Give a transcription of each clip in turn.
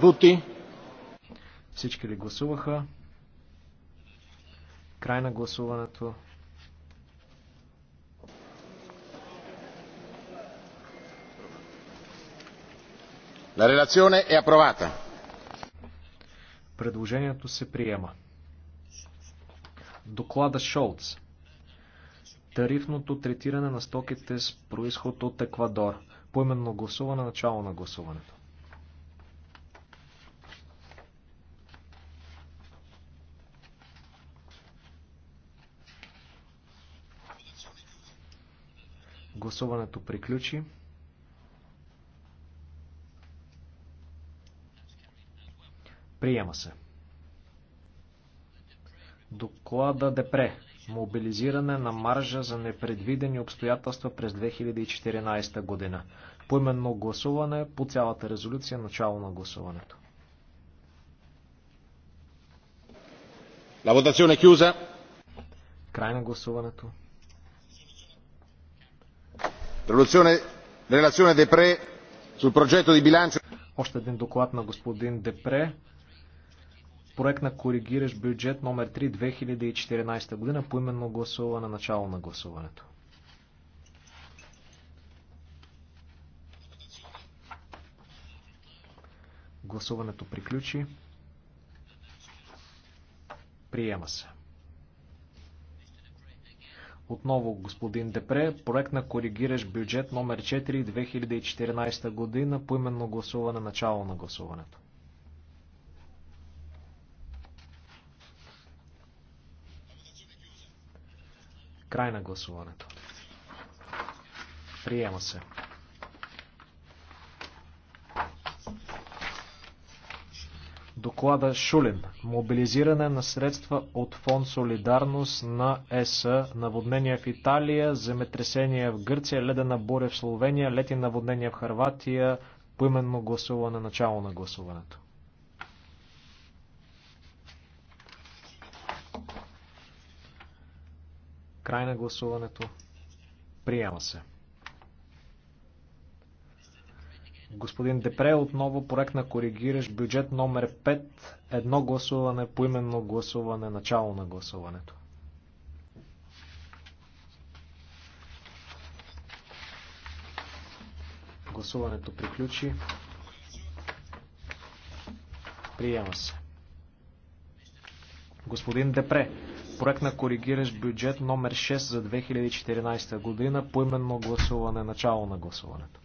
Voting. Всички ли гласуваха? Край на гласуването. La relazione è approvata. Предложението се приема. Доклада Шолц. Тарифното третиране на стоките с происход от Еквадор. Поименно гласуване, начало на гласуването. Гласуването приключи. Приема се. Доклада Депре. Мобилизиране на маржа за непредвидени обстоятелства през 2014 година. Поименно гласуване по цялата резолюция, начало на гласуването. La votazione chiusa. Край на гласуването. Още един доклад на господин Депре. Проект на коригираш бюджет номер 3 2014 година по именно гласуване, начало на гласуването. Гласуването приключи. Приема се. Отново, господин Депре, проект на коригираш бюджет номер 4 2014 година, по именно гласуване, начало на гласуването. Край на гласуването. Приема се. доклада Шулин. Мобилизиране на средства от фонд Солидарност на ЕС, наводнения в Италия, земетресения в Гърция, ледена буря в Словения, лети наводнения в Харватия, поименно гласуване, начало на гласуването. Край на гласуването. Приема се. Господин Депре, отново проект на коригираш бюджет номер 5. Едно гласуване, поименно гласуване, начало на гласуването. Гласуването приключи. Приема се. Господин Депре, проект на коригираш бюджет номер 6 за 2014 година, поименно гласуване, начало на гласуването.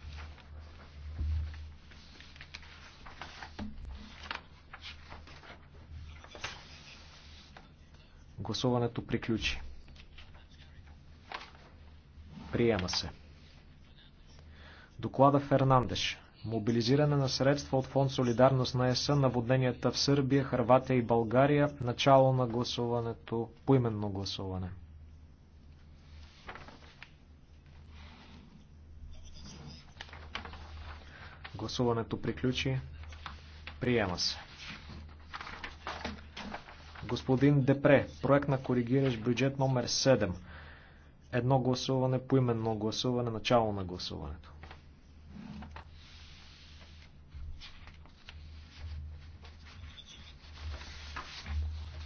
Гласуването приключи. Приема се. Доклада Фернандеш. Мобилизиране на средства от фонд Солидарност на ЕСА, наводненията в Сърбия, Харватия и България. Начало на гласуването, поименно гласуване. Гласуването приключи. Приема се. Господин Депре, проект на коригираш бюджет номер 7. Едно гласуване, по именно гласуване, начало на гласуването.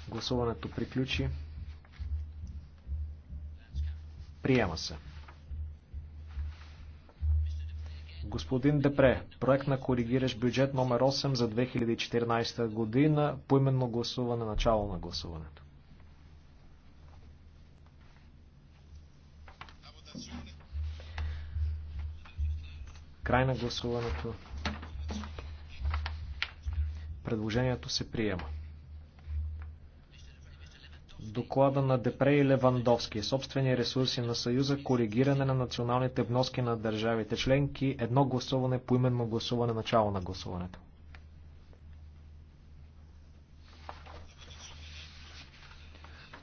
Гласуването приключи. Приема се. господин Депре. Проект на коригираш бюджет номер 8 за 2014 година. Поименно гласуване, начало на гласуването. Край на гласуването. Предложението се приема доклада на Депре и Левандовски, собствени ресурси на Съюза, коригиране на националните вноски на държавите членки, едно гласуване, по именно гласуване, начало на гласуването.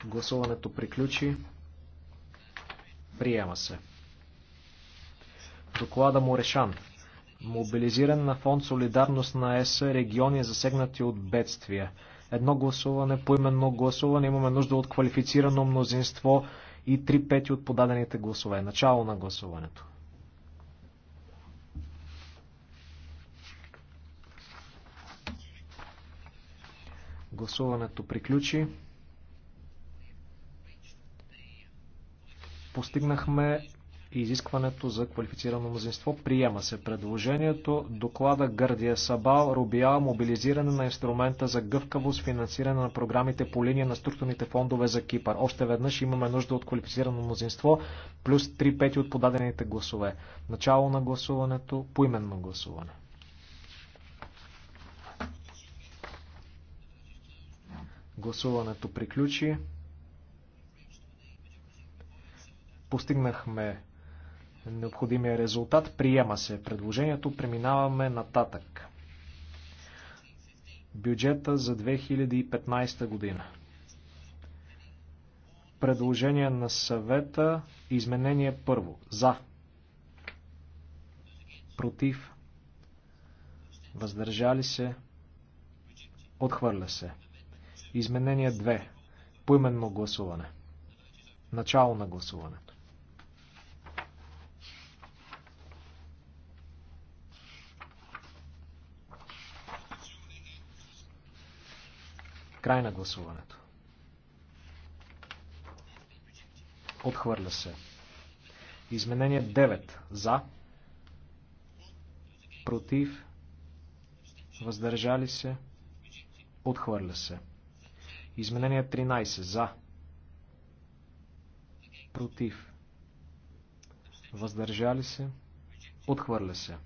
Гласуването приключи. Приема се. Доклада Морешан. Мобилизиран на фонд Солидарност на ЕС региони засегнати от бедствия едно гласуване, по именно гласуване. Имаме нужда от квалифицирано мнозинство и 3 пети от подадените гласове. Начало на гласуването. Гласуването приключи. Постигнахме и изискването за квалифицирано мнозинство. Приема се предложението. Доклада Гърдия Сабал, Рубиал, мобилизиране на инструмента за гъвкавост, финансиране на програмите по линия на структурните фондове за Кипър. Още веднъж имаме нужда от квалифицирано мнозинство, плюс 3 пети от подадените гласове. Начало на гласуването, поименно гласуване. Гласуването приключи. Постигнахме необходимия резултат. Приема се предложението. Преминаваме нататък. Бюджета за 2015 година. Предложение на съвета. Изменение първо. За. Против. Въздържали се. Отхвърля се. Изменение 2. Поименно гласуване. Начало на гласуване. Край на гласуването. Отхвърля се. Изменение 9. За. Против. Въздържали се. Отхвърля се. Изменение 13. За. Против. Въздържали се. Отхвърля се.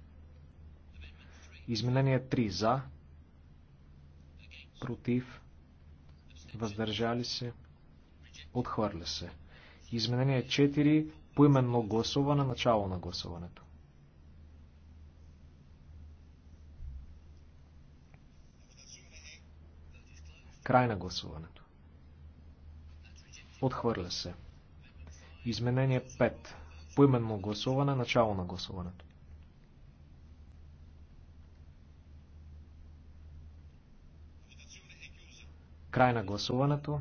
Изменение 3. За. Против въздържали се, отхвърля се. Изменение 4, поименно гласуване, начало на гласуването. Край на гласуването. Отхвърля се. Изменение 5. Поименно гласуване, начало на гласуването. Край на гласуването.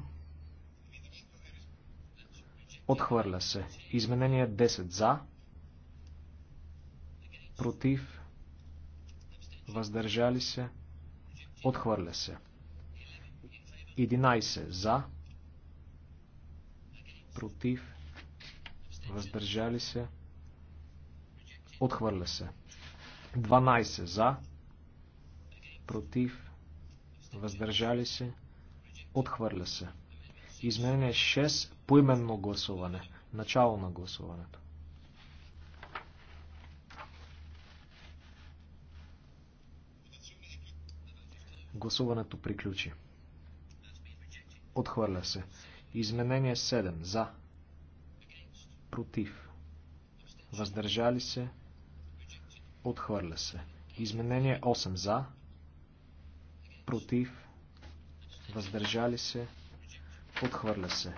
Отхвърля се. Изменение 10 за. Против. Въздържали се. Отхвърля се. 11 за. Против. Въздържали се. Отхвърля се. 12 за. Против. Въздържали се. Отхвърля се. Изменение 6. Поименно гласуване. Начало на гласуването. Гласуването приключи. Отхвърля се. Изменение 7. За. Против. Въздържали се. Отхвърля се. Изменение 8. За. Против въздържали се, отхвърля се.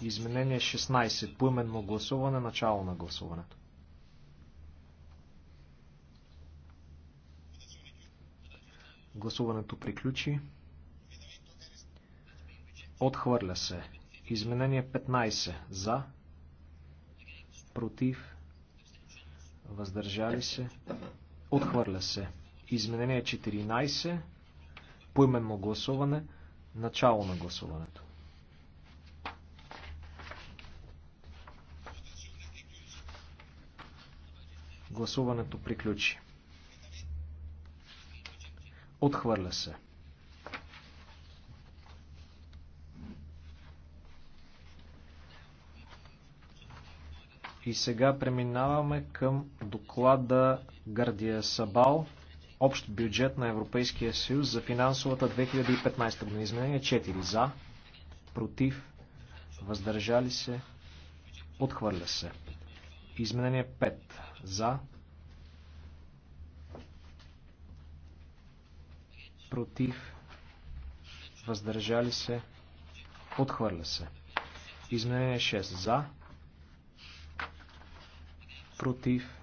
Изменение 16. Поименно гласуване, начало на гласуването. Гласуването приключи. Отхвърля се. Изменение 15. За. Против. Въздържали се. Отхвърля се. Изменение 14. Поименно гласуване. Начало на гласуването. Гласуването приключи. Отхвърля се. И сега преминаваме към доклада Гардия Сабал. Общ бюджет на Европейския съюз за финансовата 2015 година. Изменение 4. За, против, въздържали се, отхвърля се. Изменение 5. За, против, въздържали се, отхвърля се. Изменение 6. За, против,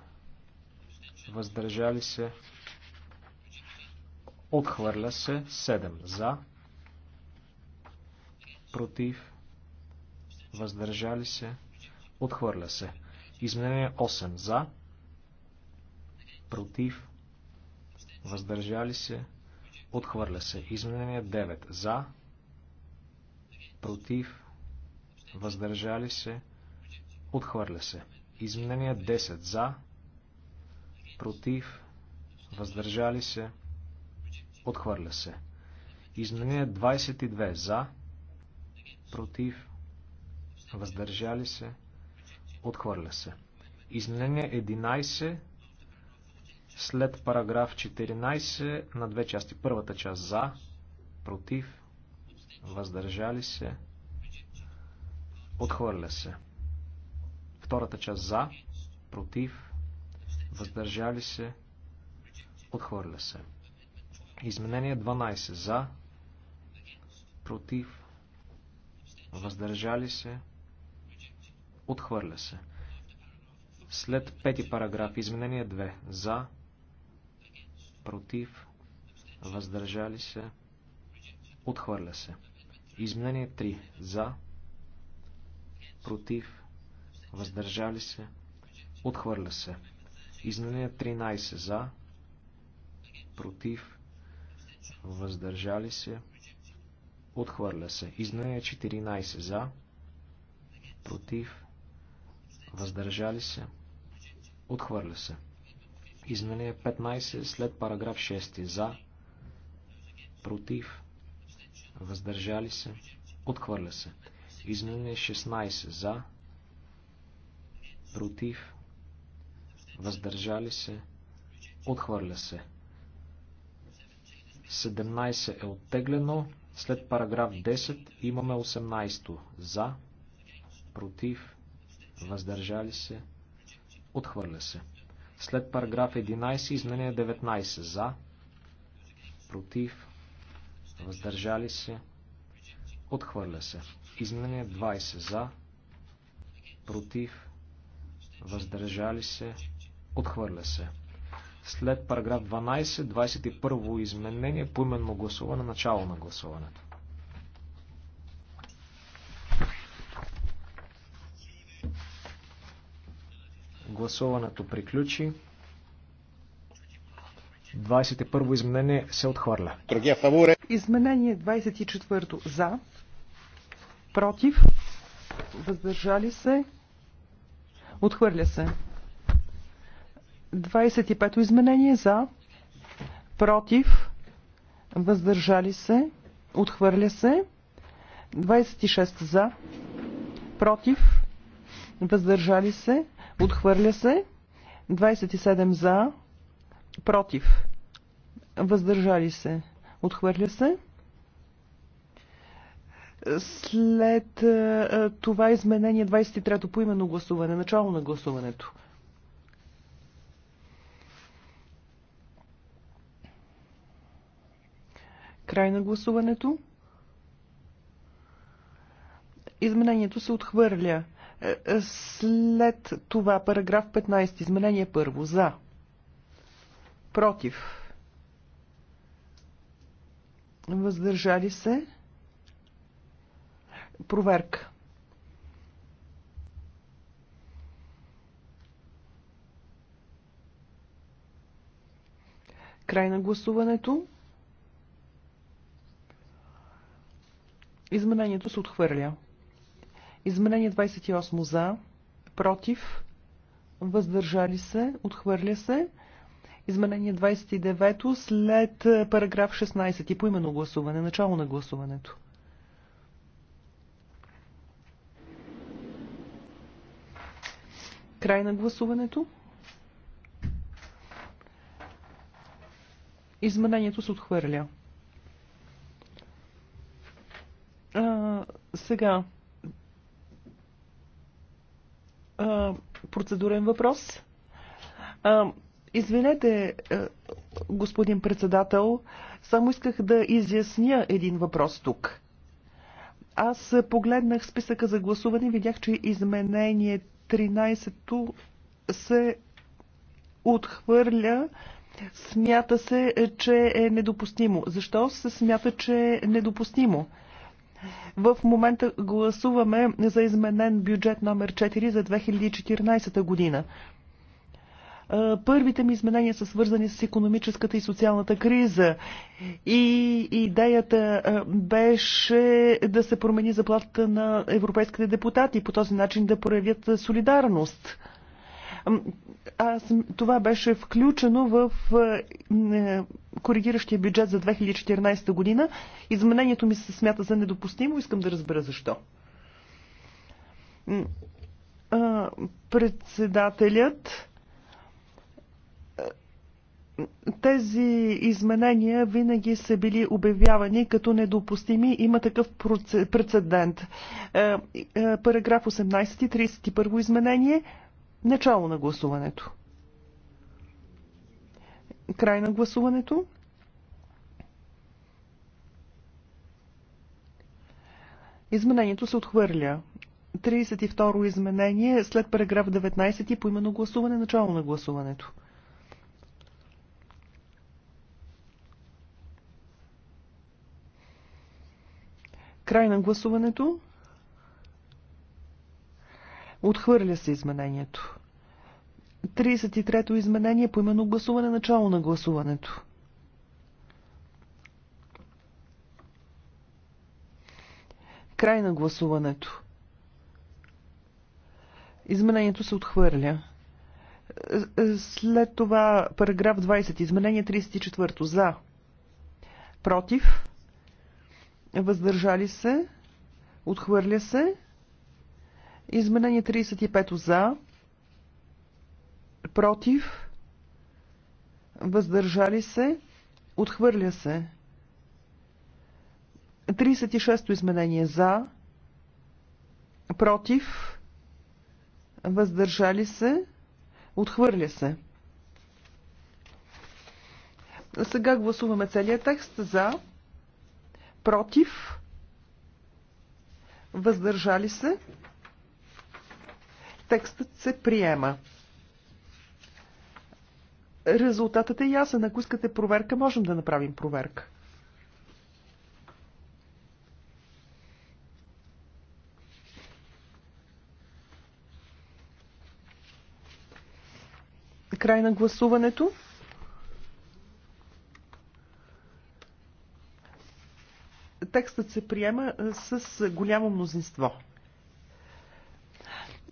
въздържали се, Отхвърля се 7 за, против, въздържали се, отхвърля се. Изменение 8 за, против, въздържали се, отхвърля се. Изменение 9 за, против, въздържали се, отхвърля се. Изменение 10 за, против, въздържали се, Отхвърля се. Изменение 22 за, против, въздържали се, отхвърля се. Изменение 11 след параграф 14 на две части. Първата част за, против, въздържали се, отхвърля се. Втората част за, против, въздържали се, отхвърля се. Изменение 12. За. Против. Въздържали се. Отхвърля се. След пети параграф. Изменение 2. За. Против. Въздържали се. Отхвърля се. Изменение 3. За. Против. Въздържали се. Отхвърля се. Изменение 13. За. Против въздържали се, отхвърля се. Изменение 14 за, против, въздържали се, отхвърля се. Изменение 15 след параграф 6 за, против, въздържали се, отхвърля се. Изменение 16 за, против, въздържали се, отхвърля се. 17 е оттеглено. След параграф 10 имаме 18 за, против, въздържали се, отхвърля се. След параграф 11 изменя 19 за, против, въздържали се, отхвърля се. Изменя 20 за, против, въздържали се, отхвърля се. След параграф 12, 21 изменение, поименно гласуване, начало на гласуването. Гласуването приключи. 21 изменение се отхвърля. Изменение 24 за, против, въздържали се, отхвърля се. 25 изменение за, против, въздържали се, отхвърля се. 26 за, против, въздържали се, отхвърля се. 27 за, против, въздържали се, отхвърля се. След това изменение 23-то по именно гласуване, начало на гласуването. Край на гласуването. Изменението се отхвърля. Е, е, след това параграф 15. Изменение първо. За. Против. Въздържали се. Проверка. Край на гласуването. Изменението се отхвърля. Изменение 28 за, против, въздържали се, отхвърля се. Изменение 29 след параграф 16 и именно гласуване, начало на гласуването. Край на гласуването. Изменението се отхвърля. Сега. А, процедурен въпрос. А, извинете, е, господин председател, само исках да изясня един въпрос тук. Аз погледнах списъка за гласуване и видях, че изменение 13-то се отхвърля. Смята се, че е недопустимо. Защо се смята, че е недопустимо? В момента гласуваме за изменен бюджет номер 4 за 2014 година. Първите ми изменения са свързани с економическата и социалната криза. И идеята беше да се промени заплатата на европейските депутати, по този начин да проявят солидарност. Аз, това беше включено в е, е, коригиращия бюджет за 2014 година. Изменението ми се смята за недопустимо. Искам да разбера защо. Председателят е, тези изменения винаги са били обявявани като недопустими. Има такъв прецедент. Параграф 18, 31 изменение – Начало на гласуването. Край на гласуването. Изменението се отхвърля. 32-ро изменение след параграф 19 и поименно гласуване, начало на гласуването. Край на гласуването. Отхвърля се изменението. 33-то изменение по именно гласуване, начало на гласуването. Край на гласуването. Изменението се отхвърля. След това параграф 20. Изменение 34. За. Против. Въздържали се. Отхвърля се. Изменение 35 за, против, въздържали се, отхвърля се. 36-то изменение за, против, въздържали се, отхвърля се. Сега гласуваме целият текст за, против, въздържали се. Текстът се приема. Резултатът е ясен. Ако искате проверка, можем да направим проверка. Край на гласуването. Текстът се приема с голямо мнозинство.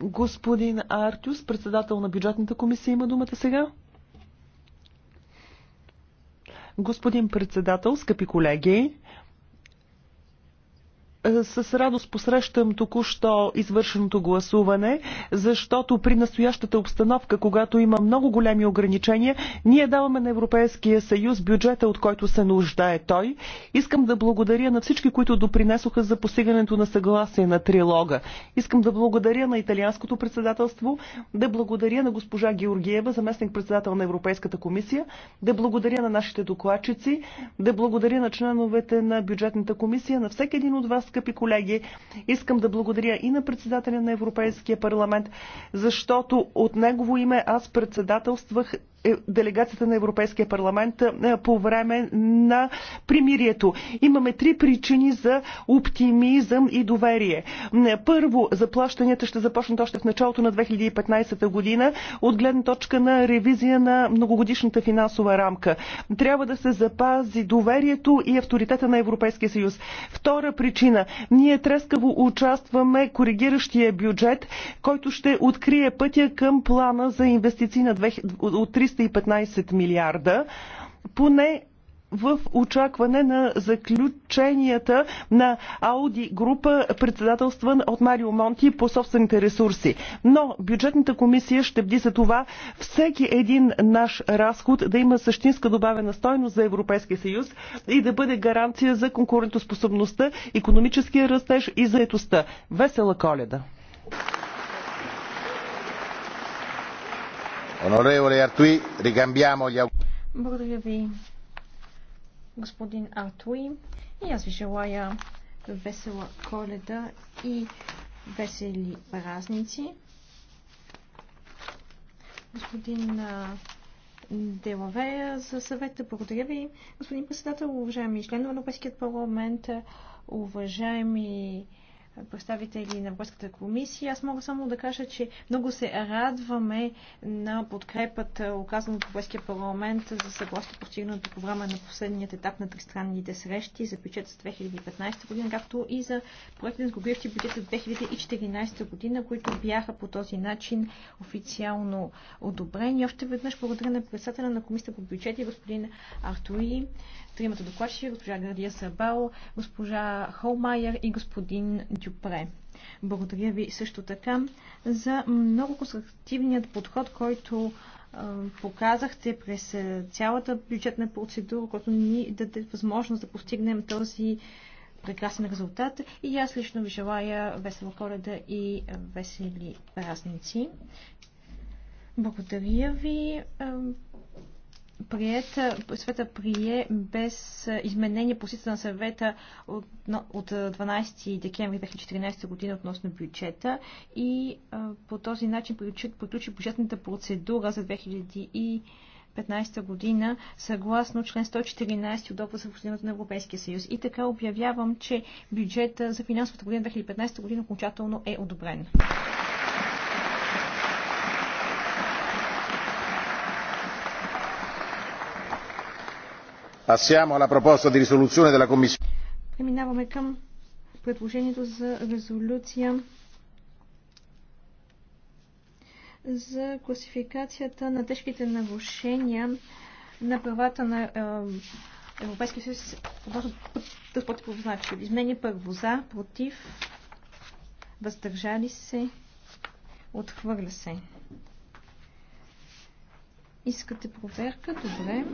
Господин Артюс, председател на бюджетната комисия, има думата сега. Господин председател, скъпи колеги, с радост посрещам току-що извършеното гласуване, защото при настоящата обстановка, когато има много големи ограничения, ние даваме на Европейския съюз бюджета, от който се нуждае той. Искам да благодаря на всички, които допринесоха за постигането на съгласие на трилога. Искам да благодаря на италианското председателство, да благодаря на госпожа Георгиева, заместник председател на Европейската комисия, да благодаря на нашите докладчици, да благодаря на членовете на бюджетната комисия, на всеки един от вас, скъпи колеги. Искам да благодаря и на председателя на Европейския парламент, защото от негово име аз председателствах е, делегацията на Европейския парламент е, е, по време на примирието. Имаме три причини за оптимизъм и доверие. Първо, заплащанията ще започнат още в началото на 2015 година от гледна точка на ревизия на многогодишната финансова рамка. Трябва да се запази доверието и авторитета на Европейския съюз. Втора причина. Ние трескаво участваме коригиращия бюджет, който ще открие пътя към плана за инвестиции на 2... от 300 315 милиарда, поне в очакване на заключенията на Ауди група, председателстван от Марио Монти по собствените ресурси. Но бюджетната комисия ще бди за това всеки един наш разход да има същинска добавена стойност за Европейския съюз и да бъде гаранция за конкурентоспособността, економическия растеж и заетостта. Весела коледа! Артуи, Благодаря ви, господин Артуи. И аз ви желая весела коледа и весели празници. Господин Делавея за съвета. Благодаря ви, господин председател, уважаеми членове на Европейският парламент, уважаеми представители на Европейската комисия. Аз мога само да кажа, че много се радваме на подкрепата, оказана от Европейския парламент за съгласие постигнато по време на последният етап на тристранните срещи за бюджет за 2015 година, както и за проекта на сгубиващи бюджет за 2014 година, които бяха по този начин официално одобрени. Още веднъж благодаря на председателя на Комисията по бюджет и господин Артуи тримата докладчи, госпожа Градия Сабао, госпожа Холмайер и господин Дюпре. Благодаря ви също така за много конструктивният подход, който показахте през цялата бюджетна процедура, която ни даде възможност да постигнем този прекрасен резултат. И аз лично ви желая весела коледа и весели празници. Благодаря ви прият, света прие без изменение позицията на съвета от, от 12 декември 2014 година относно бюджета и по този начин приключи бюджетната процедура за 2015 година съгласно член 114 от договора за функционирането на Европейския съюз. И така обявявам, че бюджета за финансовата година 2015 година окончателно е одобрен. Passiamo alla proposta di risoluzione della Commissione. Преминаваме към предложението за резолюция за класификацията на тежките нарушения на правата на е, Европейския съюз относно транспорт по значи. Изменение първо за, против, въздържали се, отхвърля се. Искате проверка? Добре.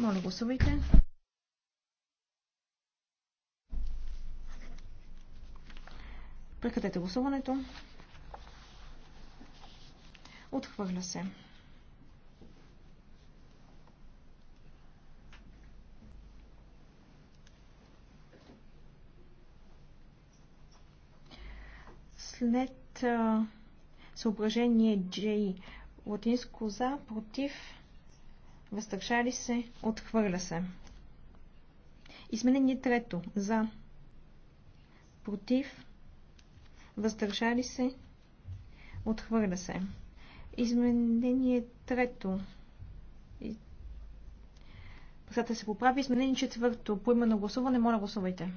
Моля, гласувайте. Прекратете гласуването. Отхвърля се. След съображение J латинско за, против, въздържали се, отхвърля се. Изменение трето за против, въздържали се, отхвърля се. Изменение трето. Сега се поправи. Изменение четвърто. По име на гласуване, моля гласувайте.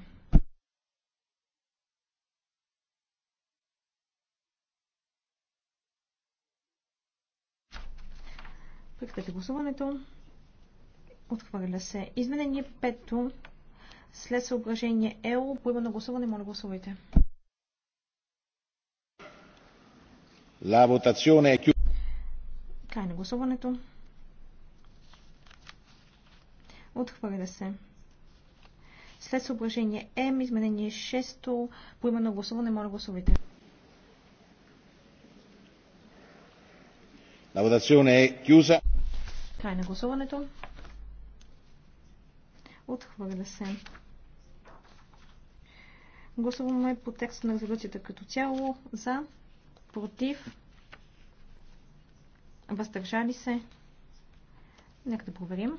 Прекратете гласуването. Отхвърля се. Изменение 5 след съображение ЕО. Поима на гласуване. Моля гласувайте. La votazione è Край на гласуването. Отхвърля се. След съображение М, изменение 6, поима на гласуване, моля гласувайте. La votazione е chiusa. на гласуването. Отхвърля се. Гласуваме по текста на резолюцията като цяло за, против, въздържали се. Нека да проверим.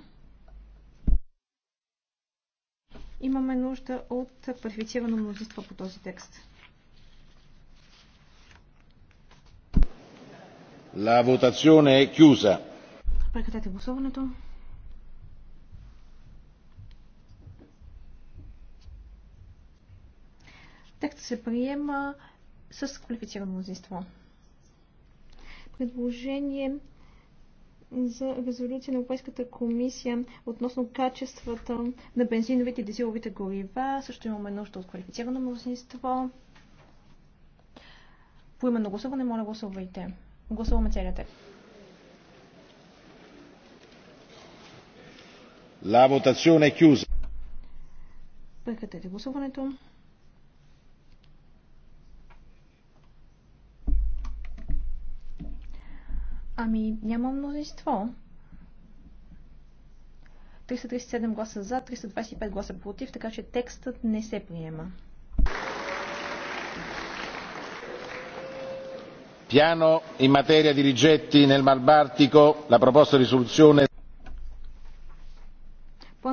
Имаме нужда от квалифицирано мнозинство по този текст. La votazione è chiusa. гласуването. Текстът се приема с квалифицирано мнозинство. Предложение за резолюция на Европейската комисия относно качествата на бензиновите и дизеловите горива. Също имаме нужда от квалифицирано мнозинство. По име на гласуване, моля гласувайте. Гласуваме целия текст. La votazione è chiusa. Прекратете гласуването. Ами, няма мнозинство. 337 гласа за, 325 гласа против, така че текстът не се приема. piano in materia di rigetti nel mar baltico la proposta di risoluzione.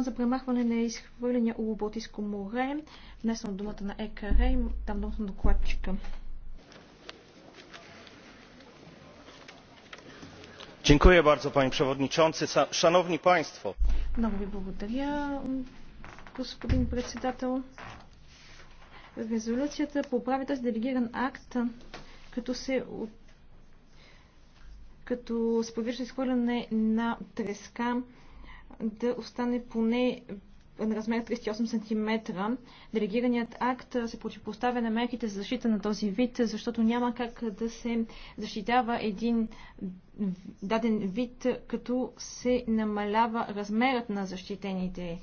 за премахване на изхвърляния у Балтийско море, внесен думата на ЕКР и там думата на докладчика. Dziękuję bardzo panie przewodniczący. Szanowni państwo. Много ви благодаря, господин председател. Резолюцията поправи този делегиран акт като се като с предвижда изхвърляне на треска да остане поне на размер 38 см. Делегираният акт се противопоставя на мерките за защита на този вид, защото няма как да се защитава един даден вид, като се намалява размерът на защитените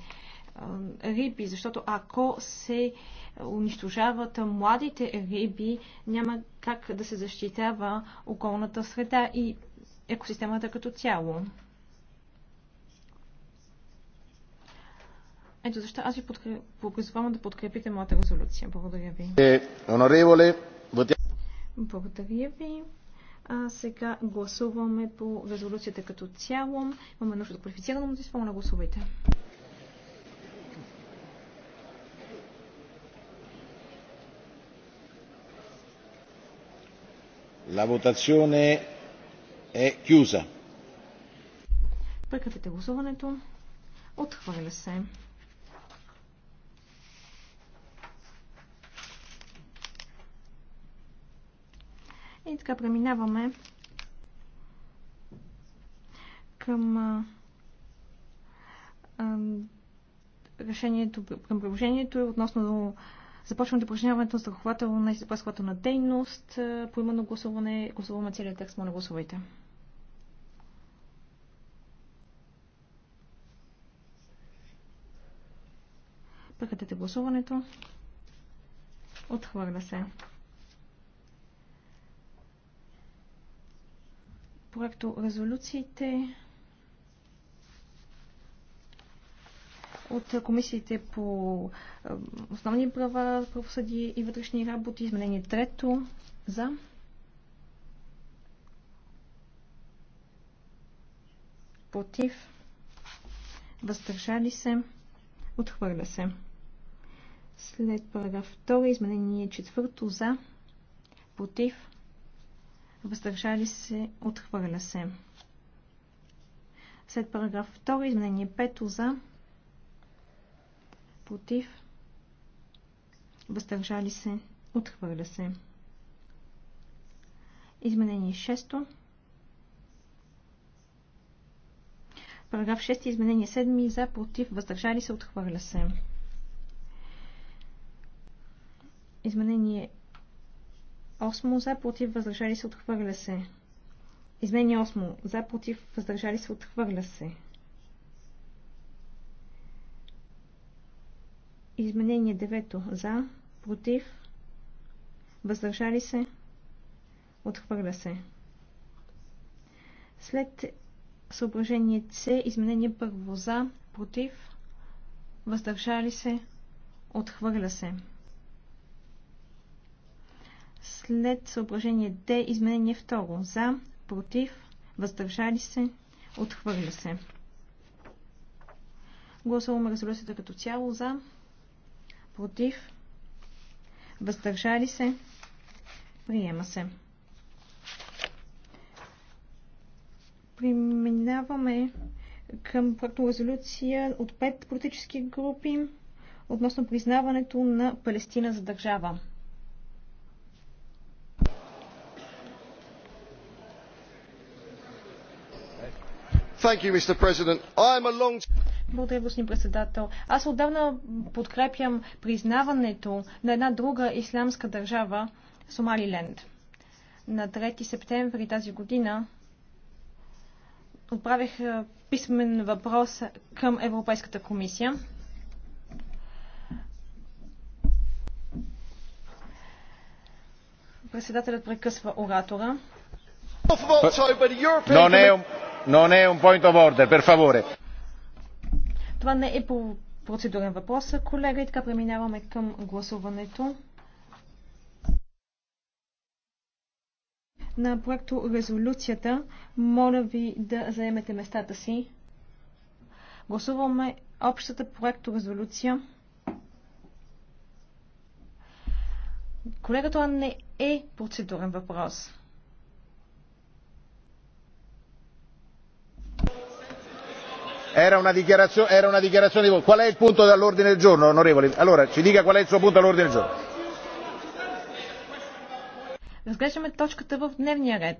риби, защото ако се унищожават младите риби, няма как да се защитава околната среда и екосистемата като цяло. Ето защо аз ви призовавам да подкрепите моята резолюция. Благодаря ви. Е, Благодаря ви. А сега гласуваме по резолюцията като цяло. Имаме нужда от квалифицирано мнозинство. Моля, гласувайте. La votazione е chiusa. Прекратете гласуването. Отхвърля се. И така преминаваме към а, а, решението, към приложението относно Започваме да упражняването на на и на дейност. Е, По именно гласуване гласуваме целият текст. Моля гласувайте. Прекратете гласуването. Отхвърля се. Проекто резолюциите от комисиите по основни права, правосъди и вътрешни работи. Изменение трето за. Против. Въздържали се. Отхвърля се. След параграф 2, изменение четвърто за. Против. Въздържали се. Отхвърля се. След параграф 2, изменение 5 за против, въздържали се, отхвърля се. Изменение 6. Параграф 6. Изменение 7. За, против, въздържали се, отхвърля се. Изменение 8. За, против, въздържали се, отхвърля се. Изменение 8. За, против, въздържали се, отхвърля се. Изменение 9 за, против, въздържали се, отхвърля се. След съображение С, изменение първо за, против, въздържали се, отхвърля се. След съображение Д, изменение второ за, против, въздържали се, отхвърля се. Гласуваме резолюцията като цяло за, против, въздържали се, приема се. Приминаваме към резолюция от пет политически групи относно признаването на Палестина за държава. You, long... Благодаря, господин председател. Аз отдавна подкрепям признаването на една друга ислямска държава, Сомалиленд. На 3 септември тази година отправих писмен въпрос към Европейската комисия. Председателят прекъсва оратора. Но не е un point of order, per favore. Това не е по процедурен въпрос, колега, и така преминаваме към гласуването. На проекто резолюцията, моля ви да заемете местата си. Гласуваме общата проекто резолюция. Колега, това не е процедурен въпрос. era una dichiarazione di voto. qual è il punto dell'ordine del giorno onorevoli? allora ci dica qual è il suo punto all'ordine del giorno. Разглеждаме точката в дневния ред.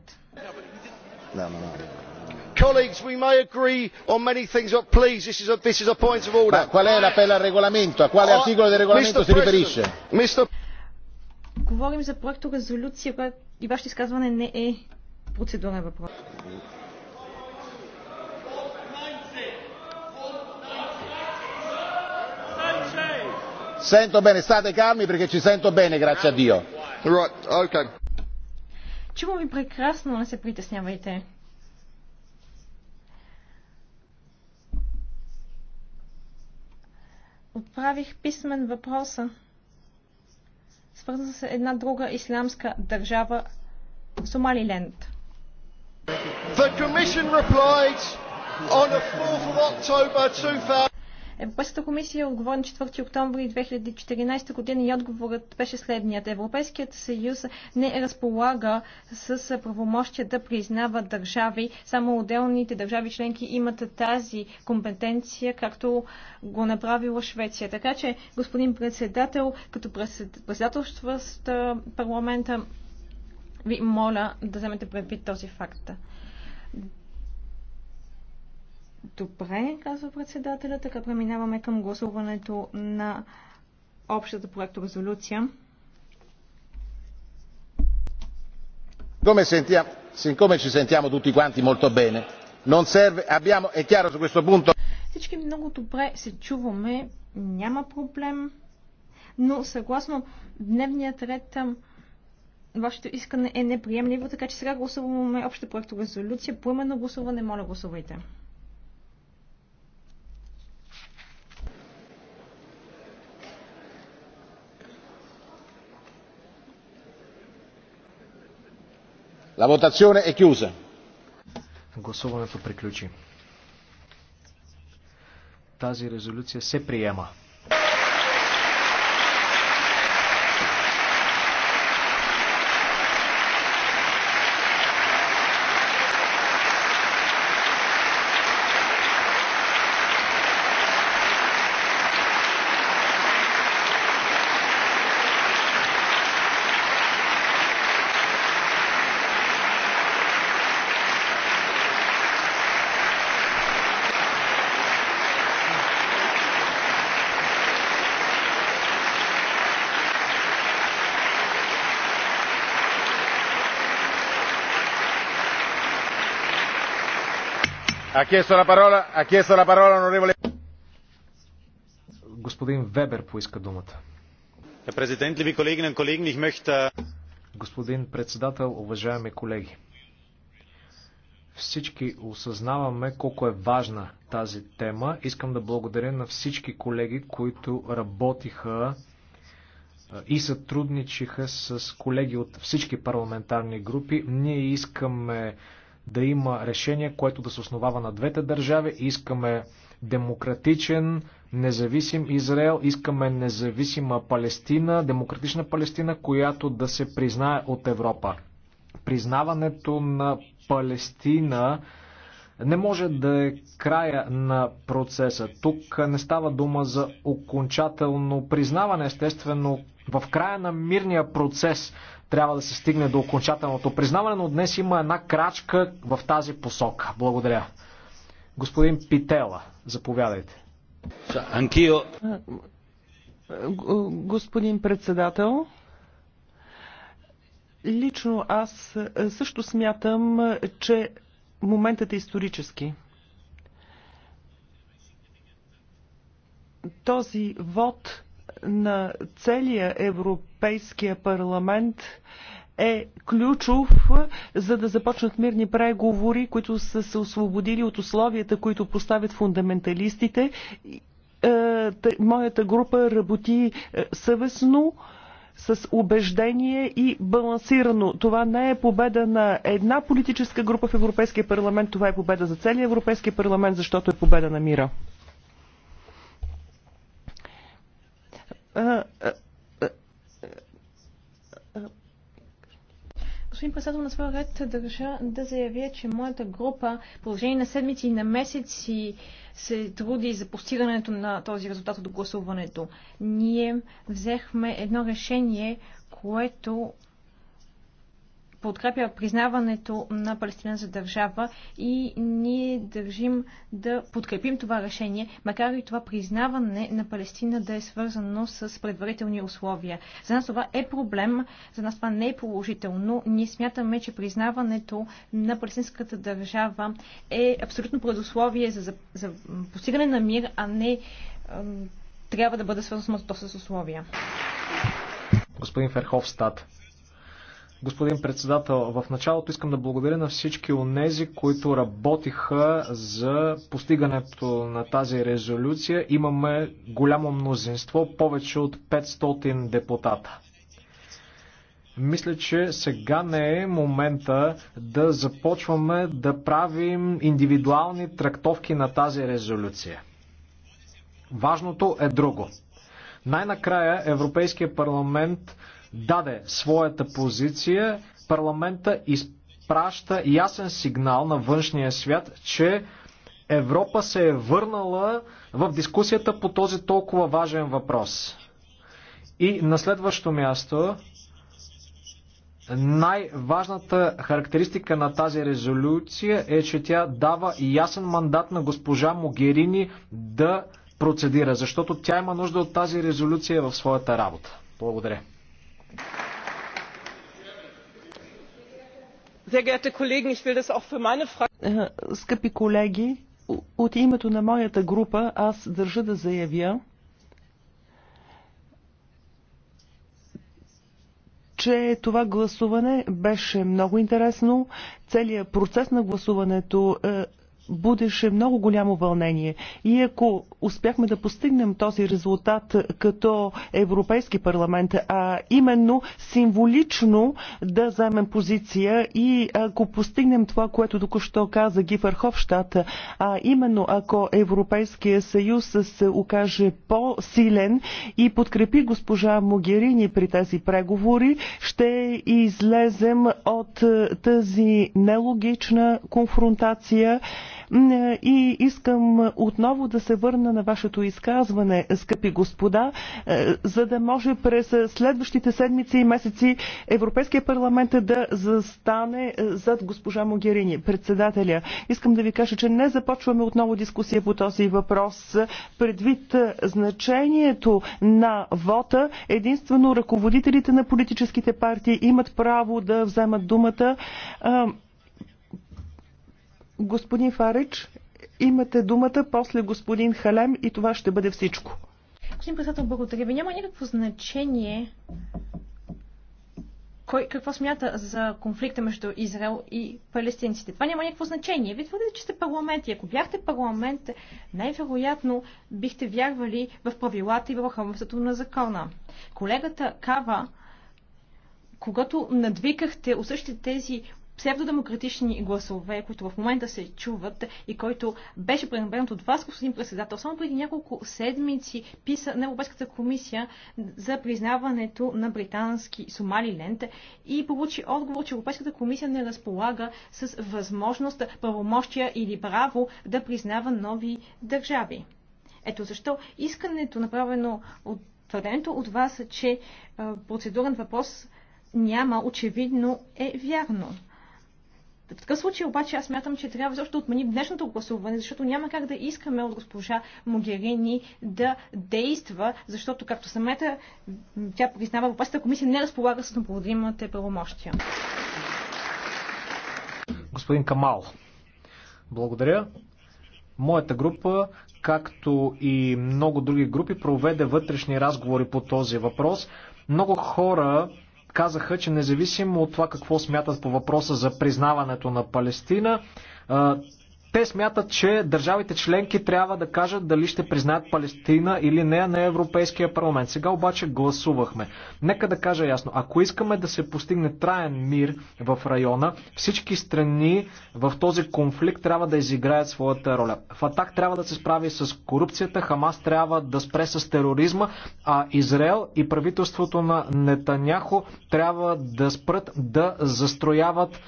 Colleagues, we may agree on many things, but please, this is a, this is a point of order. Qual è l'appello al regolamento? A quale articolo del regolamento si riferisce? Mr. Говорим за проекто резолюция и вашето изказване не е процедурен въпрос. Sento bene, state calmi perché ci sento bene, grazie a Dio. прекрасно, не се притеснявайте. Отправих писмен въпроса, свързан с една друга ислямска държава, Сомалиленд. The Commission replied on the 4th of October 2000. Европейската комисия е отговори на 4 октомври 2014 година и отговорът беше следният. Европейският съюз не разполага с правомощия да признава държави. Само отделните държави членки имат тази компетенция, както го направила Швеция. Така че, господин председател, като председателстващ парламента, ви моля да вземете предвид този факт. Добре, казва председателя. Така преминаваме към гласуването на общата проекторезолюция. Come sentiamo, siccome ci sentiamo tutti quanti molto bene, non serve, abbiamo, è chiaro su questo punto. Всички много добре се чуваме, няма проблем, но съгласно дневният ред вашето искане е неприемливо, така че сега гласуваме общата проекторезолюция. По именно гласуване, моля гласувайте. La votazione è chiusa. Гласуването приключи. Тази резолюция се приема. Господин Вебер поиска думата. Господин председател, уважаеми колеги, всички осъзнаваме колко е важна тази тема. Искам да благодаря на всички колеги, които работиха и сътрудничиха с колеги от всички парламентарни групи. Ние искаме да има решение, което да се основава на двете държави. Искаме демократичен, независим Израел, искаме независима Палестина, демократична Палестина, която да се признае от Европа. Признаването на Палестина не може да е края на процеса. Тук не става дума за окончателно признаване, естествено, в края на мирния процес трябва да се стигне до окончателното признаване, но днес има една крачка в тази посока. Благодаря. Господин Питела, заповядайте. Анкио. Господин председател, лично аз също смятам, че моментът е исторически. Този вод на целия Европейския парламент е ключов, за да започнат мирни преговори, които са се освободили от условията, които поставят фундаменталистите. Е, моята група работи е, съвестно, с убеждение и балансирано. Това не е победа на една политическа група в Европейския парламент, това е победа за целия Европейски парламент, защото е победа на мира. Господин председател, на своя ред държа да заявя, че моята група в продължение на седмици и на месеци се труди за постигането на този резултат от гласуването. Ние взехме едно решение, което подкрепя признаването на Палестина за държава и ние държим да подкрепим това решение, макар и това признаване на Палестина да е свързано с предварителни условия. За нас това е проблем, за нас това не е положително. Ние смятаме, че признаването на палестинската държава е абсолютно предусловие за, за, за постигане на мир, а не трябва да бъде свързано с условия. Господин Ферховстат, Господин председател, в началото искам да благодаря на всички онези, които работиха за постигането на тази резолюция. Имаме голямо мнозинство, повече от 500 депутата. Мисля, че сега не е момента да започваме да правим индивидуални трактовки на тази резолюция. Важното е друго. Най-накрая Европейския парламент даде своята позиция, парламента изпраща ясен сигнал на външния свят, че Европа се е върнала в дискусията по този толкова важен въпрос. И на следващо място, най-важната характеристика на тази резолюция е, че тя дава ясен мандат на госпожа Могерини да процедира, защото тя има нужда от тази резолюция в своята работа. Благодаря. Скъпи колеги, от името на моята група аз държа да заявя, че това гласуване беше много интересно. Целият процес на гласуването е, будеше много голямо вълнение. И ако успяхме да постигнем този резултат като Европейски парламент, а именно символично да вземем позиция и ако постигнем това, което току-що каза Гифър Ховщад, а именно ако Европейския съюз се окаже по-силен и подкрепи госпожа Могерини при тези преговори, ще излезем от тази нелогична конфронтация, и искам отново да се върна на вашето изказване, скъпи господа, е, за да може през следващите седмици и месеци Европейския парламент да застане е, зад госпожа Могерини, председателя. Искам да ви кажа, че не започваме отново дискусия по този въпрос. Предвид е, значението на вота, единствено ръководителите на политическите партии имат право да вземат думата. Господин Фарич, имате думата, после господин Халем и това ще бъде всичко. Господин председател, благодаря ви. Няма никакво значение кой какво смята за конфликта между Израел и палестинците. Това няма никакво значение. Вие твърдите, че сте парламент и ако бяхте парламент, най-вероятно бихте вярвали в правилата и върховенството на закона. Колегата Кава, когато надвикахте усъщите тези псевдодемократични гласове, които в момента се чуват и който беше пренебрегнат от вас, господин председател. Само преди няколко седмици писа на Европейската комисия за признаването на британски Ленте и получи отговор, че Европейската комисия не разполага с възможност, правомощия или право да признава нови държави. Ето защо искането, направено от твърденето от вас, че процедурен въпрос няма, очевидно е вярно. В такъв случай обаче аз мятам, че трябва защо да отменим днешното гласуване, защото няма как да искаме от госпожа Могерини да действа, защото, както самата тя признава, Европейската комисия не разполага с необходимите правомощия. Господин Камал, благодаря. Моята група, както и много други групи, проведе вътрешни разговори по този въпрос. Много хора казаха, че независимо от това какво смятат по въпроса за признаването на Палестина, те смятат, че държавите членки трябва да кажат дали ще признаят Палестина или не на Европейския парламент. Сега обаче гласувахме. Нека да кажа ясно. Ако искаме да се постигне траен мир в района, всички страни в този конфликт трябва да изиграят своята роля. Фатак трябва да се справи с корупцията, Хамас трябва да спре с тероризма, а Израел и правителството на Нетаняхо трябва да спрат да застрояват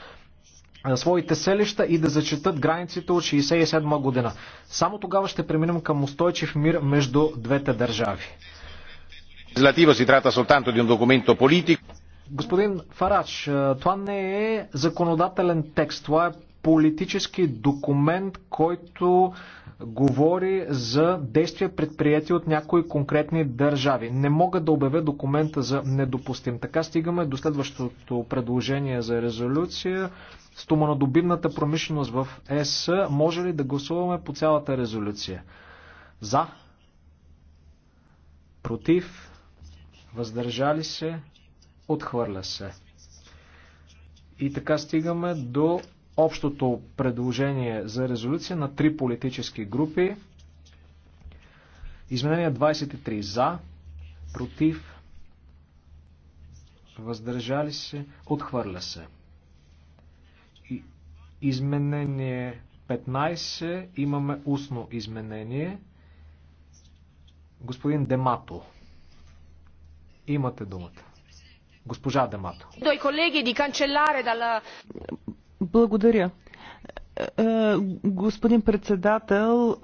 своите селища и да зачитат границите от 67 година. Само тогава ще преминем към устойчив мир между двете държави. Господин Фарач, това не е законодателен текст, това е политически документ, който говори за действия предприяти от някои конкретни държави. Не мога да обявя документа за недопустим. Така стигаме до следващото предложение за резолюция стоманодобивната промишленост в ЕС, може ли да гласуваме по цялата резолюция? За? Против? Въздържали се? Отхвърля се. И така стигаме до общото предложение за резолюция на три политически групи. Изменение 23 за, против, въздържали се, отхвърля се. Изменение 15. Имаме устно изменение. Господин Демато. Имате думата. Госпожа Демато. колеги, ди дала. Благодаря. Е, е, господин председател,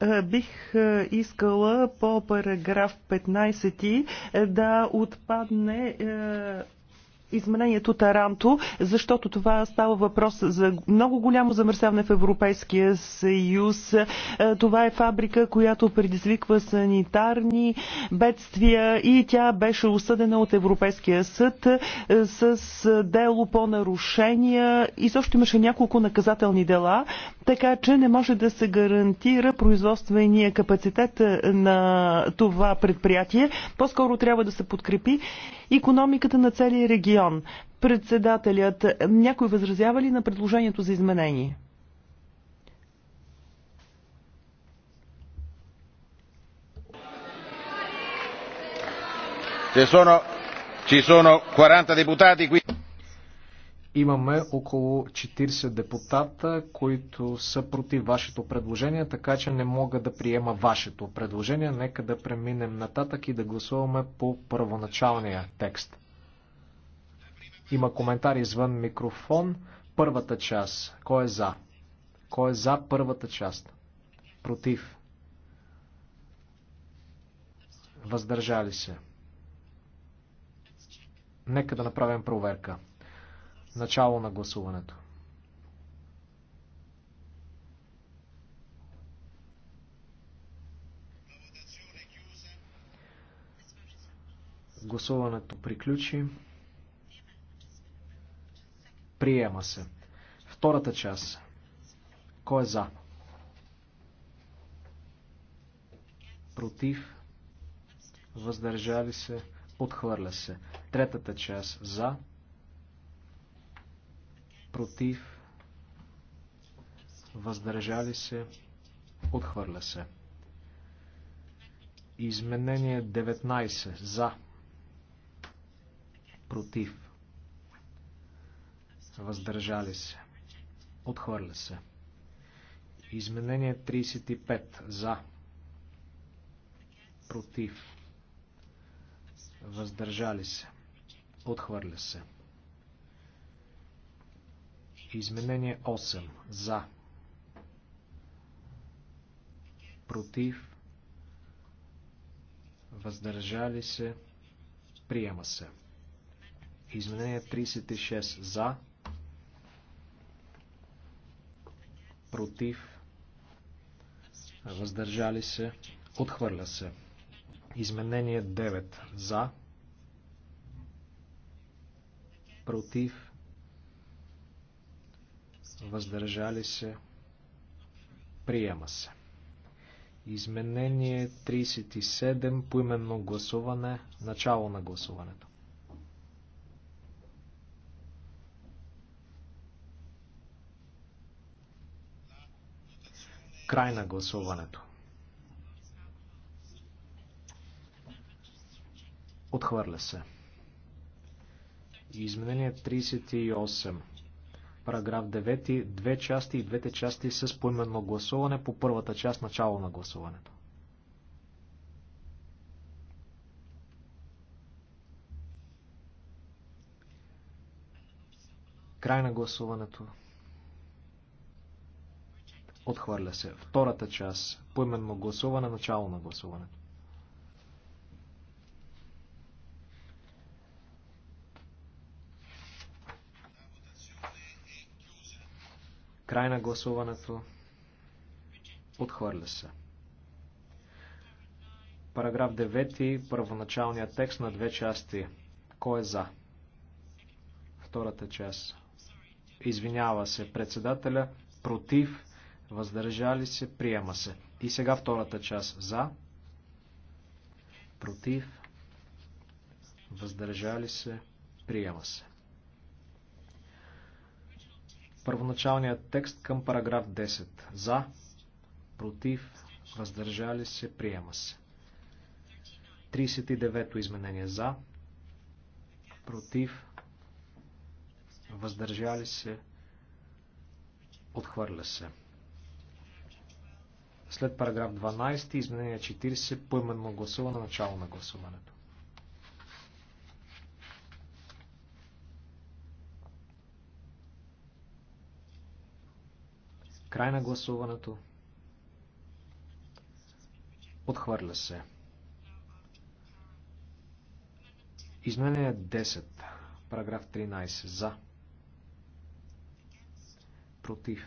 е, бих искала по параграф 15 да отпадне изменението Таранто, защото това става въпрос за много голямо замърсяване в Европейския съюз. Е, това е фабрика, която предизвиква санитарни бедствия и тя беше осъдена от Европейския съд е, с дело по нарушения и също имаше няколко наказателни дела, така че не може да се гарантира производствения капацитет е, на това предприятие. По-скоро трябва да се подкрепи економиката на целия регион. Председателят, някой възразява ли на предложението за изменение? Ci sono, 40 deputati qui. Имаме около 40 депутата, които са против вашето предложение, така че не мога да приема вашето предложение. Нека да преминем нататък и да гласуваме по първоначалния текст. Има коментар извън микрофон. Първата част. Кой е за? Кой е за първата част? Против. Въздържали се. Нека да направим проверка. Начало на гласуването. Гласуването приключи. Приема се. Втората част. Кой е за? Против. Въздържали се. Отхвърля се. Третата част. За против, въздържали се, отхвърля се. Изменение 19 за, против, въздържали се, отхвърля се. Изменение 35 за, против, въздържали се, отхвърля се. Изменение 8. За. Против. Въздържали се. Приема се. Изменение 36. За. Против. Въздържали се. Отхвърля се. Изменение 9. За. Против въздържали се, приема се. Изменение 37, по именно гласуване, начало на гласуването. Край на гласуването. Отхвърля се. Изменение 38. Параграф 9. Две части и двете части с поименно гласуване по първата част начало на гласуването. Край на гласуването. Отхвърля се. Втората част. Поименно гласуване, начало на гласуването. Край на гласуването. Отхвърля се. Параграф 9. Първоначалният текст на две части. Кой е за? Втората част. Извинява се председателя. Против. Въздържали се. Приема се. И сега втората част. За. Против. Въздържали се. Приема се. Първоначалният текст към параграф 10. За, против, въздържали се, приема се. 39-то изменение за, против, въздържали се, отхвърля се. След параграф 12, изменение 40, поименно гласуване, начало на гласуването. Край на гласуването. Отхвърля се. Изменение 10. Параграф 13. За. Против.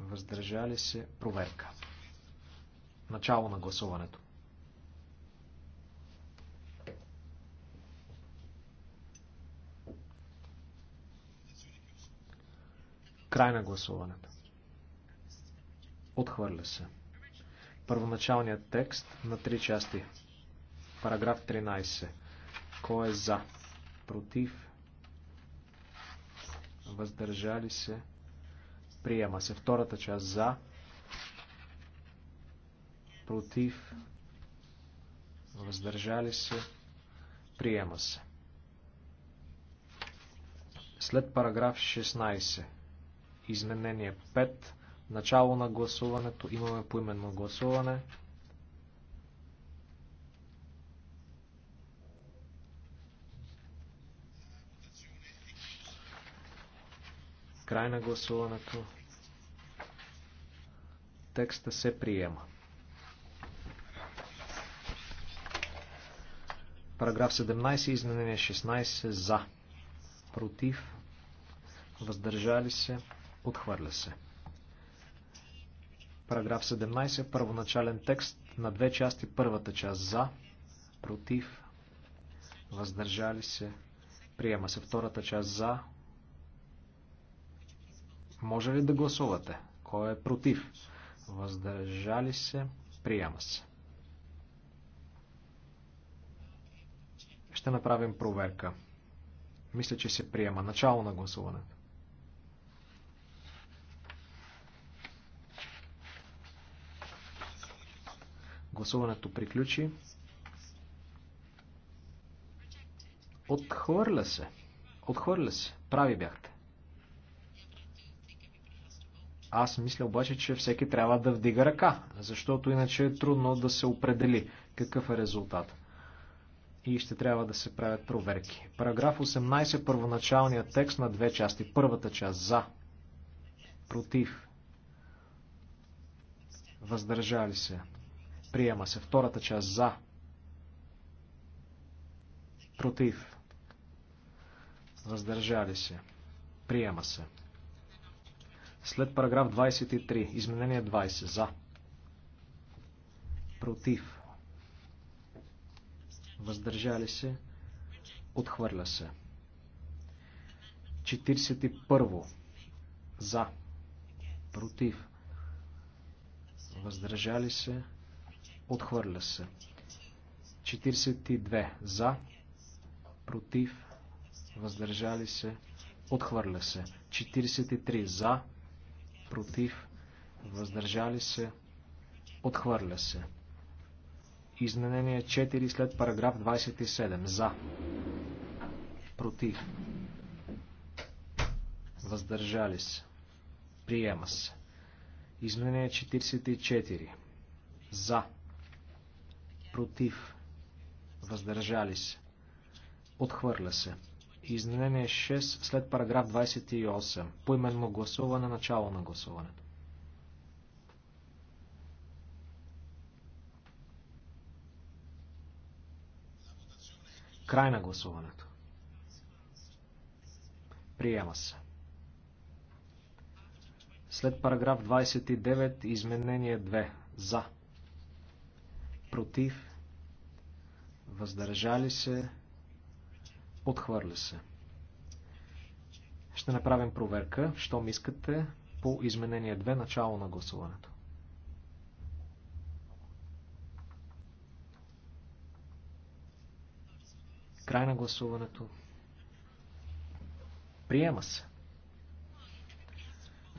Въздържали се. Проверка. Начало на гласуването. Край на гласуването. Отхвърля се. Първоначалният текст на три части. Параграф 13. Кой е за? Против? Въздържали се? Приема се. Втората част за? Против? Въздържали се? Приема се. След параграф 16. Изменение 5. Начало на гласуването. Имаме поименно гласуване. Край на гласуването. Текста се приема. Параграф 17, изменение 16 за. Против. Въздържали се. Отхвърля се. Параграф 17. Първоначален текст на две части. Първата част за, против, въздържали се. Приема се втората част за. Може ли да гласувате? Кой е против? Въздържали се. Приема се. Ще направим проверка. Мисля, че се приема. Начало на гласуването. Гласуването приключи. Отхвърля се. Отхвърля се. Прави бяхте. Аз мисля обаче, че всеки трябва да вдига ръка, защото иначе е трудно да се определи какъв е резултат. И ще трябва да се правят проверки. Параграф 18, първоначалният текст на две части. Първата част за, против, въздържали се, Приема се. Втората част за. Против. Въздържали се. Приема се. След параграф 23. Изменение 20. За. Против. Въздържали се. Отхвърля се. 41. За. Против. Въздържали се. Отхвърля се. 42 за, против, въздържали се, отхвърля се. 43 за, против, въздържали се, отхвърля се. Изменение 4 след параграф 27 за, против, въздържали се, приема се. Изменение 44 за, против, против, въздържали се, отхвърля се. Изменение 6 след параграф 28. Поименно гласуване, начало на гласуването. Край на гласуването. Приема се. След параграф 29, изменение 2. За. Против въздържали се, отхвърля се. Ще направим проверка, щом искате, по изменение 2, начало на гласуването. Край на гласуването. Приема се.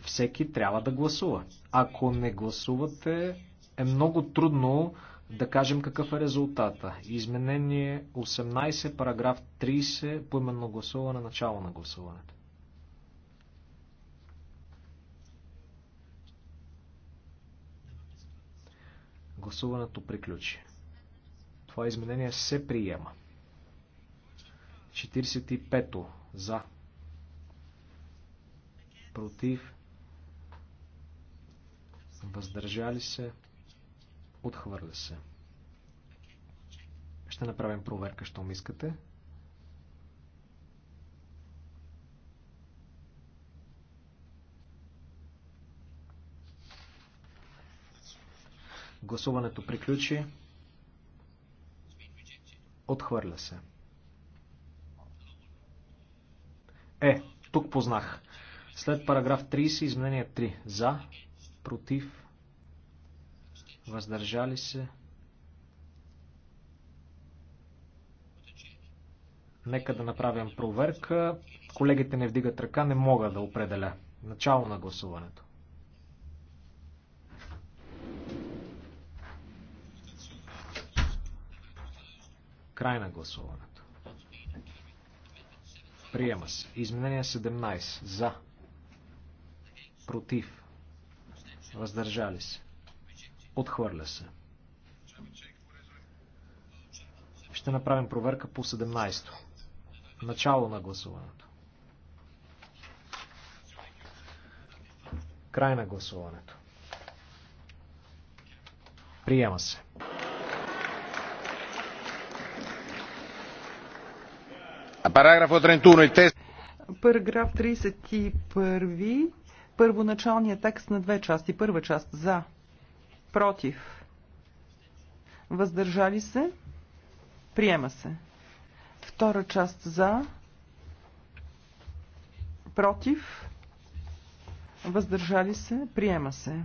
Всеки трябва да гласува. Ако не гласувате, е много трудно да кажем какъв е резултата. Изменение 18, параграф 30, поименно гласуване, начало на гласуването. Гласуването приключи. Това изменение се приема. 45-то за. Против. Въздържали се. Отхвърля се. Ще направим проверка, ми искате. Гласуването приключи. Отхвърля се. Е, тук познах. След параграф 30, изменение 3. За, против, въздържали се. Нека да направим проверка. Колегите не вдигат ръка, не мога да определя. Начало на гласуването. Край на гласуването. Приема се. Изменение 17. За. Против. Въздържали се. Отхвърля се. Ще направим проверка по 17-то. Начало на гласуването. Край на гласуването. Приема се. Параграф 31. Параграф 31. Първоначалният текст на две части. Първа част за против, въздържали се, приема се. Втора част за, против, въздържали се, приема се.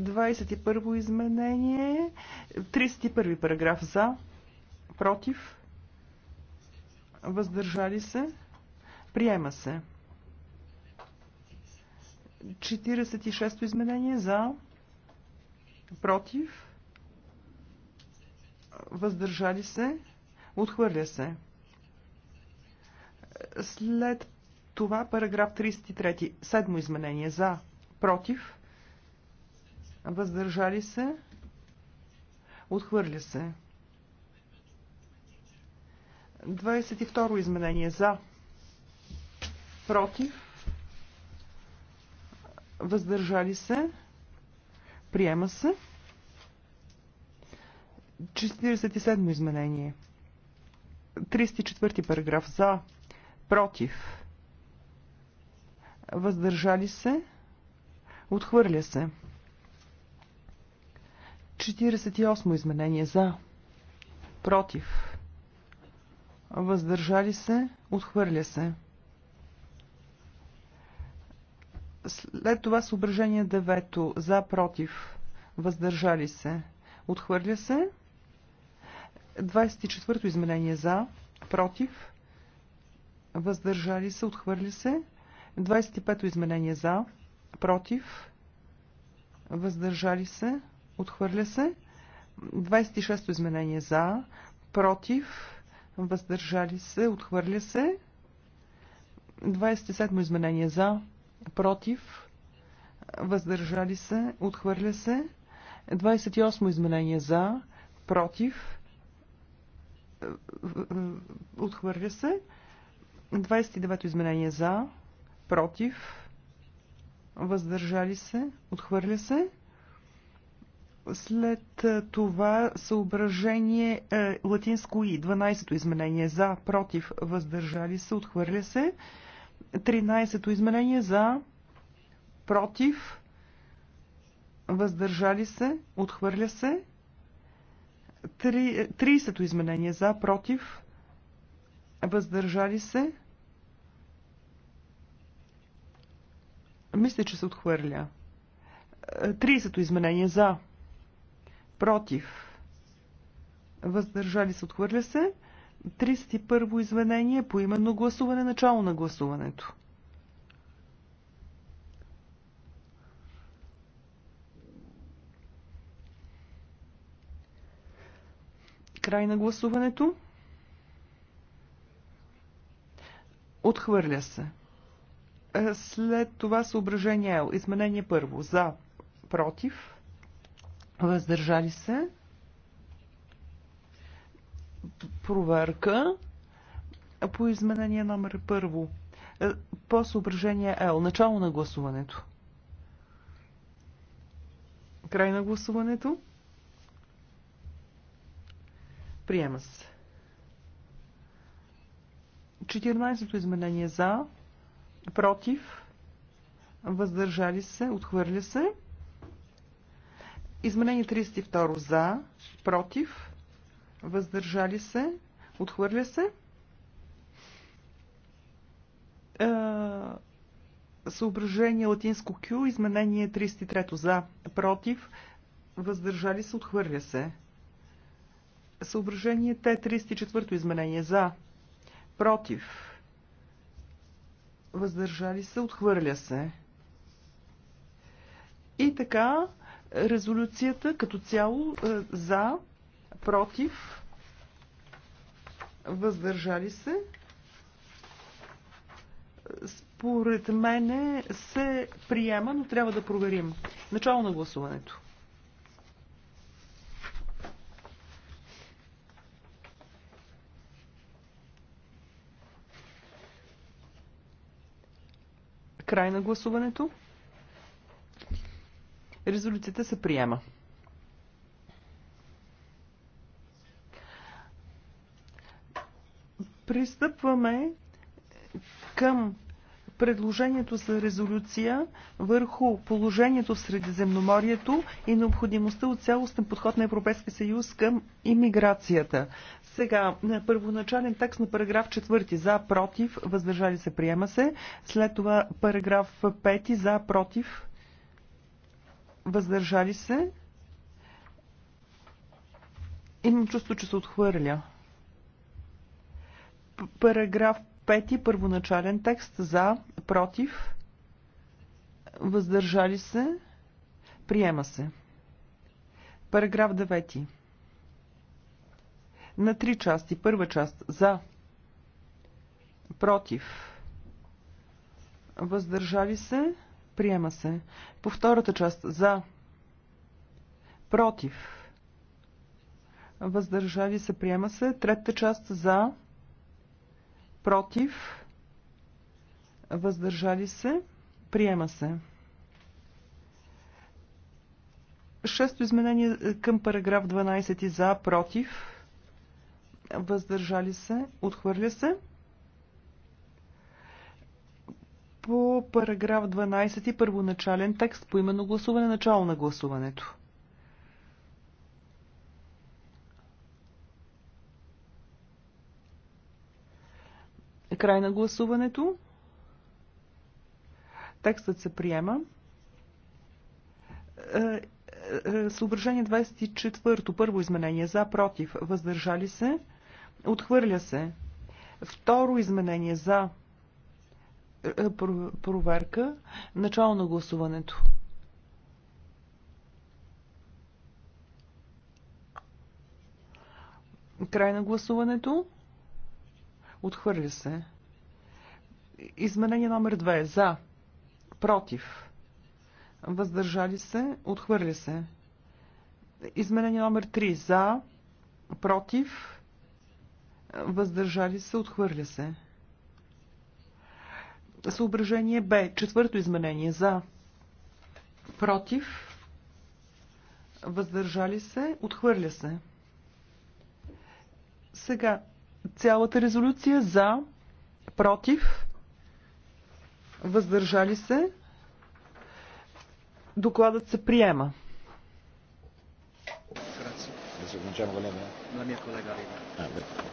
21 изменение, 31 параграф за, против, въздържали се, приема се. 46-то изменение за, против, въздържали се, отхвърля се. След това параграф 33, седмо изменение за, против, въздържали се, отхвърля се. 22 изменение за, против, въздържали се, приема се. 47 изменение. 34 параграф за, против, въздържали се, отхвърля се. 48 изменение за, против, въздържали се, отхвърля се. След това съображение девето. За, против. Въздържали се. Отхвърля се. 24-то изменение за, против. Въздържали се. Отхвърля се. 25-то изменение за, против. Въздържали се. Отхвърля се. 26-то изменение за, против. Въздържали се. Отхвърля се. 27-то изменение за, против против, въздържали се, отхвърля се. 28 изменение за, против, отхвърля се. 29 изменение за, против, въздържали се, отхвърля се. След това съображение латинско и 12-то изменение за, против, въздържали се, отхвърля се. 13-то измерение за, против, въздържали се, отхвърля се. 30-то изменение за, против, въздържали се. Мисля, че се отхвърля. 30-то изменение за, против, въздържали се, отхвърля се. 31 изменение по именно гласуване, начало на гласуването. Край на гласуването. Отхвърля се. Е, след това съображение Л. Изменение първо. За, против, въздържали се, проверка по изменение номер първо. Е, по съображение Л. Начало на гласуването. Край на гласуването. Приема се. 14-то изменение за, против, въздържали се, отхвърля се. Изменение 32 за, против, въздържали се, отхвърля се. Е, съображение латинско Q, изменение 33 за, против, въздържали се, отхвърля се. Съображение Т, 34 изменение за, против, въздържали се, отхвърля се. И така, резолюцията като цяло е, за против, въздържали се. Според мене се приема, но трябва да проверим. Начало на гласуването. Край на гласуването. Резолюцията се приема. Пристъпваме към предложението за резолюция върху положението в Средиземноморието и необходимостта от цялостен подход на Европейския съюз към иммиграцията. Сега, първоначален текст на параграф 4 за, против, въздържали се, приема се. След това параграф 5 за, против, въздържали се. Имам чувство, че се отхвърля. Параграф 5, първоначален текст за, против, въздържали се, приема се. Параграф 9. На три части. Първа част за, против, въздържали се, приема се. По втората част за, против, въздържали се, приема се. Третата част за, против, против, въздържали се, приема се. Шесто изменение към параграф 12 и за, против, въздържали се, отхвърля се. По параграф 12 първоначален текст по именно гласуване, начало на гласуването. Край на гласуването. Текстът се приема. Е, е, е, съображение 24. Първо изменение. За, против, въздържали се. Отхвърля се. Второ изменение. За проверка. Начало на гласуването. Край на гласуването. Отхвърля се. Изменение номер 2. За. Против. Въздържали се. Отхвърля се. Изменение номер 3. За. Против. Въздържали се. Отхвърля се. Съображение Б. Четвърто изменение. За. Против. Въздържали се. Отхвърля се. Сега цялата резолюция за, против, въздържали се. Докладът се приема. Grazie. Да се con eh?